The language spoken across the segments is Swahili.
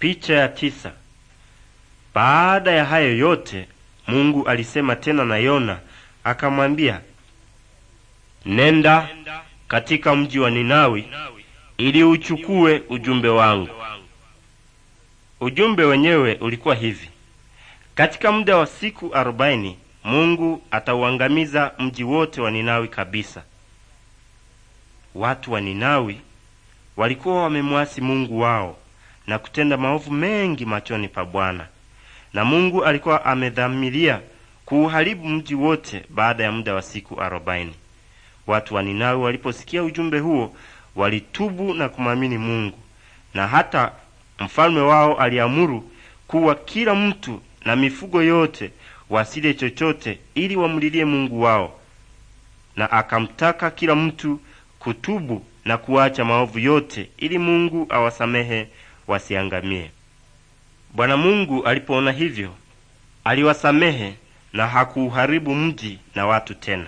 Picha ya tisa. Baada ya hayo yote, Mungu alisema tena na Yona akamwambia, nenda katika mji wa Ninawi ili uchukue ujumbe wangu. Ujumbe wenyewe ulikuwa hivi: katika muda wa siku arobaini Mungu atauangamiza mji wote wa Ninawi kabisa. Watu wa Ninawi walikuwa wamemwasi Mungu wao na kutenda maovu mengi machoni pa Bwana, na Mungu alikuwa amedhamiria kuuharibu mji wote baada ya muda wa siku arobaini. Watu wa Ninawi waliposikia ujumbe huo walitubu na kumwamini Mungu, na hata mfalme wao aliamuru kuwa kila mtu na mifugo yote wasile chochote ili wamlilie Mungu wao, na akamtaka kila mtu kutubu na kuacha maovu yote ili Mungu awasamehe wasiangamie. Bwana Mungu alipoona hivyo, aliwasamehe na hakuuharibu mji na watu tena.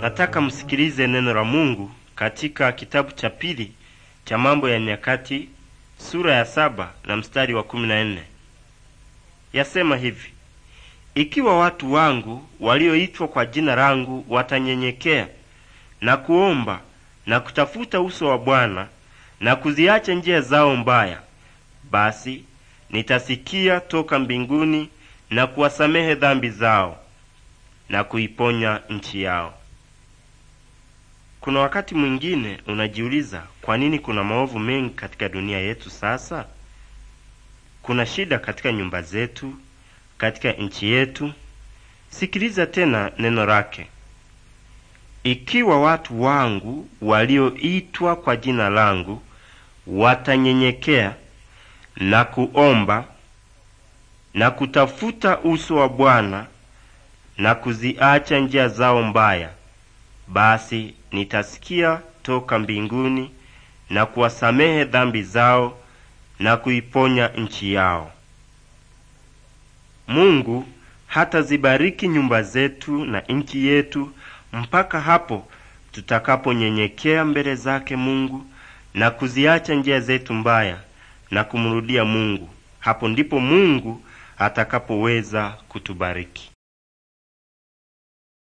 Nataka msikilize neno la Mungu katika kitabu cha pili cha Mambo ya Nyakati sura ya saba na mstari wa kumi na nne. Yasema hivi: ikiwa watu wangu walioitwa kwa jina langu watanyenyekea na kuomba na kutafuta uso wa Bwana na kuziacha njia zao mbaya, basi nitasikia toka mbinguni na kuwasamehe dhambi zao na kuiponya nchi yao. Kuna wakati mwingine unajiuliza kwa nini kuna maovu mengi katika dunia yetu sasa? Kuna shida katika nyumba zetu, katika nchi yetu. Sikiliza tena neno lake. Ikiwa watu wangu walioitwa kwa jina langu watanyenyekea na kuomba na kutafuta uso wa Bwana na kuziacha njia zao mbaya, basi nitasikia toka mbinguni na kuwasamehe dhambi zao na kuiponya nchi yao. Mungu hatazibariki nyumba zetu na nchi yetu mpaka hapo tutakaponyenyekea mbele zake Mungu na kuziacha njia zetu mbaya na kumrudia Mungu. Hapo ndipo Mungu atakapoweza kutubariki.